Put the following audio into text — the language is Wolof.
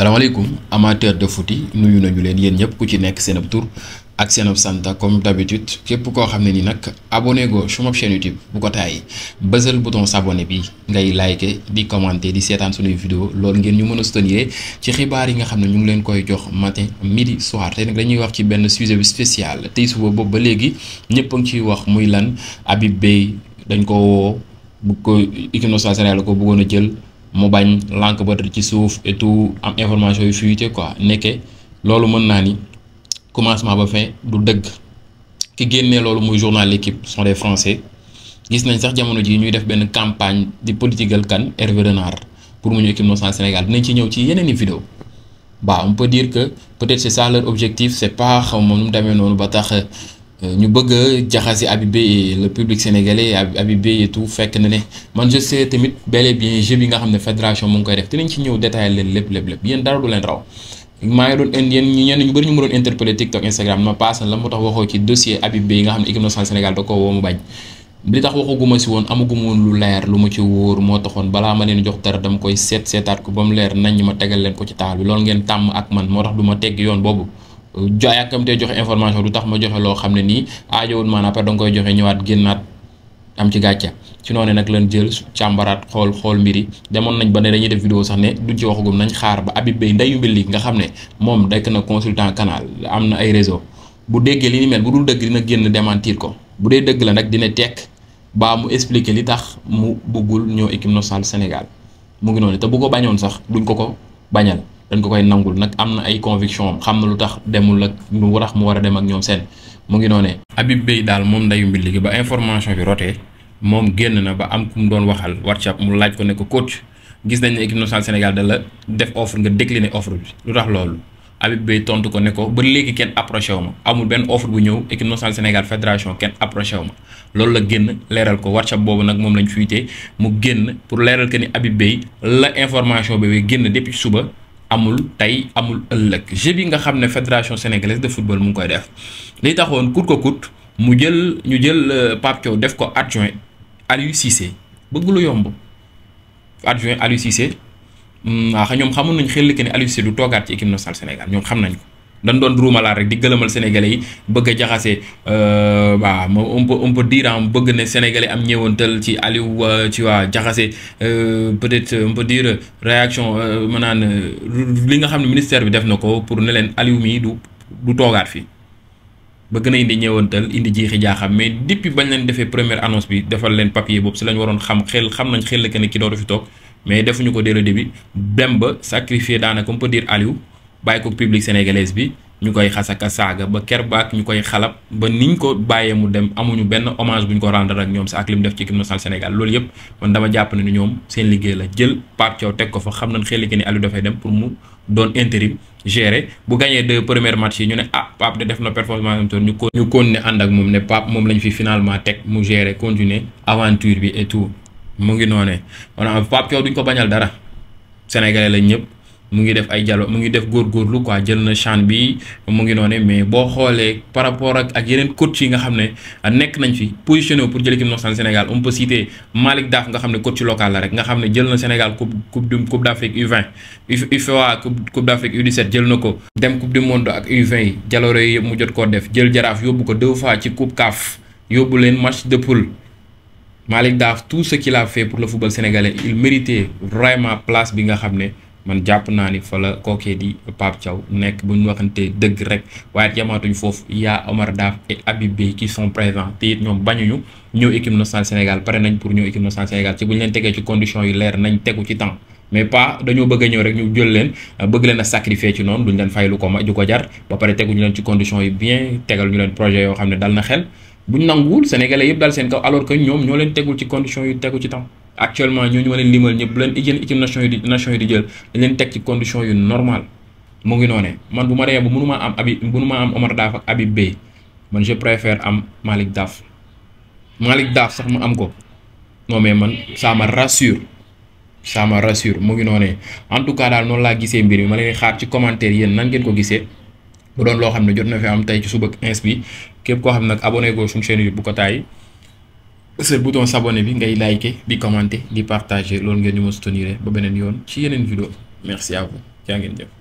salaamaaleykum amateur de foot yi nuyu nañu leen yéen ñëpp ku ci nekk seen ab tur ak seen ab sant comme d'habitude képp koo xam ne ni nag abonné go suma chaîne YouTube bu ko tàyyi bësal bouton s'abonner bi ngay liker di commenter di seetaan suñuy vidéo loolu ngeen ñu mën a soutenir ci xibaar yi nga xam ne ñu ngi leen koy jox matin midi soir te nag dañuy wax ci benn sujet bi spécial tey suba boobu ba léegi ñëpp a ciy wax muy lan abi Beye dañ ko woo bu ko équipe ko bëggoon a jël. mu bañ lànk ba ci suuf et tout am information yu te quoi nekke loolu mën naa ni commencement ba fin du dëgg ki génnee loolu muy journal l'équipe sont des français gis nañ sax jamono ji ñuy def benn campagne di political kan Hervé Renard pour mu ñu équipe nationale Sénégal dinañ ci ñëw ci yeneen i vidéo waaw on peut que peut-être c'est ça leur objectif c'est pas xaw ma nu mu demee noonu ba tax. Euh, ñu bëgg jaxas jaxase Habib Beye le public sénégalais Habib Beye et tout fekk na ne man je sais tamit bel et bien jeu bi nga xam ne fédération mu koy def dinañ ci ñëw détaillé leen lépp lépp lép yéen dara du leen raw maa ngi doon indi yéen ñenn ñu bëri ñu ma doon interpellé TikTok Instagram ma paasal la mu tax waxoo ci dossier Habib nga xam ne équipe nationale Sénégal da ko woo mu bañ li tax waxaguma si woon amaguma woon lu leer lu ma ci wóor moo taxoon balaa ma leen jox dara dama koy seet seetaat ko ba mu leer nañ ma tegal leen ko ci taal bi loolu ngeen tàmm ak man moo tax du ma tegg yoon boobu jo yàkkamtee joxe information du tax ma joxe loo xam ne nii aajowul maanaam par da koy joxe ñëwaat génnaat am ci gàcce ci noonu nag lan jël càmbaraat xool xool mbiri demoon nañ ba ne dañuy def vidéo sax ne du ci waxagum nañ xaar ba Habib Beye ndeyu mbir li nga xam ne moom dekk na consultant canal am na ay réseau bu déggee li ni mel bu dul dëgg dina génn démentir ko bu dee dëgg la nag dina tekk baa mu expliquer li tax mu buggul ñëw équipe nationale Sénégal mu ngi noonu te bu ko bañoon sax duñ ko ko bañal. dañ ko koy nangul nag am na ay conviction am xam na lu tax demul ak lu mu war a dem ak ñoom seen mu ngi noonee. Habib Beye daal moom ndayu mbilli gi ba information bi rotee moom génn na ba am ku mu doon waxal WhatsApp mu laaj ko ne ko coach gis nañ ne équipe nationale Sénégal da la def offre nga décliner offre bi lu tax loolu. Habib Beye tontu ko ne ko ba léegi kenn approché wu ma amul benn offre bu ñëw équipe nationale Sénégal fédération kenn approché wu ma loolu la génn leeral ko WhatsApp boobu nag moom lañ fuité mu génn pour leeral que ni Habib Beye la information bi génn depuis suba amul tey amul ëllëg jeu bi nga xam ne fédération sénégalaise de football mu ngi koy def li taxoon coûte que coûte mu jël ñu jël euh, Pape Thiaw def ko adjoint Aliou Cissé bëgg lu yomb adjoint Aliou Cissé hmm, waaw ñoom xamoon nañ xel que ne Aliou du toogaat ci équipe nationale Sénégal ñoom xam nañ ko. dañ doon ruumalaat rek di gëlëmal sénégalais yi bëgg a jaxase euh, waaw ma on peut on peut dire am bëgg ne sénégalais am ñëwantal ci Aliou euh, ci waa jaxase euh, peut-être on peut dire réaction maanaam li nga xam ne ministère bi def na ko pour ne leen Aliou mii du du toogaat fii bëgg na indi ñëwantal indi jiixi jaaxam mais depuis bañ leen defee première annonce bi defal leen papier boobu si lañ waroon xam xel xam nañ xel la que ne ki dootu fi toog mais defuñu ko dès le début dem ba sacrifier daanaka on peut dire Aliou. bàyyi ko public sénégalaise bi ñu koy xasaka saaga ba ker baak ñu koy xalab ba niñ ko bàyyee mu dem amuñu benn hommage bu ñu ko rendre ak ñoom sa ak lim def ci équipe nationale Sénégal loolu yëpp man dama jàpp ne ñoom seen liggéey la jël Pape Thiaw teg ko fa xam na xel ki ni Aliou dafay dem pour mu doon intérim gérer bu gañee deux premiers matchs yi ñu ne ah Pape de def na performance am toon ñu ko ñu ko ne ànd ak moom ne Pape moom lañ fi finalement teg mu gérer continuer bi et tout mu ngi noonee on a Pape Thiaw duñ ko bañal dara sénégalais lañ ñëpp. mu ngi def ay jalo mu ngi def góorgóorlu quoi jël na chan bi mu ngi noone mais boo xoolee par rapport ak ak yeneen coach yi nga xam ne nekk nañ fi positionné pour jële équipe nationale Sénégal on peut citer Malick Daaf nga xam ne coach local la rek nga xam ne jël na Sénégal coupe coupe du coupe d'Afrique U20 UFOA coupe d'Afrique U17 jël na ko dem coupe du monde ak U20 yi jaloore yi mu jot koo def jël jaraaf yóbbu ko deux fois ci coupe CAF yóbbu leen match de poule Malick Daaf tout ce qu'il a pour le football sénégalais il méritait vraiment place bi nga xam ne man jàpp naa ni fa la kookee di Pape Thiaw nekk bu ñu waxantee dëgg rek waaye yamaatuñ foofu yaa Omar Daf et Habib Beye qui sont présents te it ñoom bañuñu ñëw équipe nationale Sénégal pare nañ pour ñëw équipe nationale Sénégal ci bu ñu leen tegee ci conditions yu leer nañ tegu ci temps mais pas dañoo bëgg a ñëw rek ñu jël leen bëgg leen a sacrifier ci noonu duñ leen fay lu ko ma ko jar ba pare tegu ñu leen ci conditions yu bien tegal ñu leen projet yoo ne dal na xel buñ nanguwul sénégalais yëpp dal seen kaw alors que ñoom ñoo leen tegul ci conditions yu tegu ci temps actuellement ñooñu ma leen limal ñëpp bu leen jël équipe nation yi di jël dañ leen teg ci condition yu normal mu ngi noone man bu ma demee bu mënumaa am abi bu mënumaa am Omar Daf ak Habib Beye man je préfère am Malick Daf Malick Daf sax ma am ko non mais man ça me rassure ça me rassure mu ngi noonee en tout cas daal noonu laa gisee mbir mi ma leen xaar ci commentaire yéen nangeen ko gisee bu doon loo xam ne jot na fi am tey ci suba ins bi képp koo xam nag abonné ko suñu bu ko taay c'est le bouton s'abonner bi ngay liker di commenter di partager loolu ngeen ñu ma soutenir ba beneen yoon ci yeneen vidéo merci à vous jaa ngeen jëf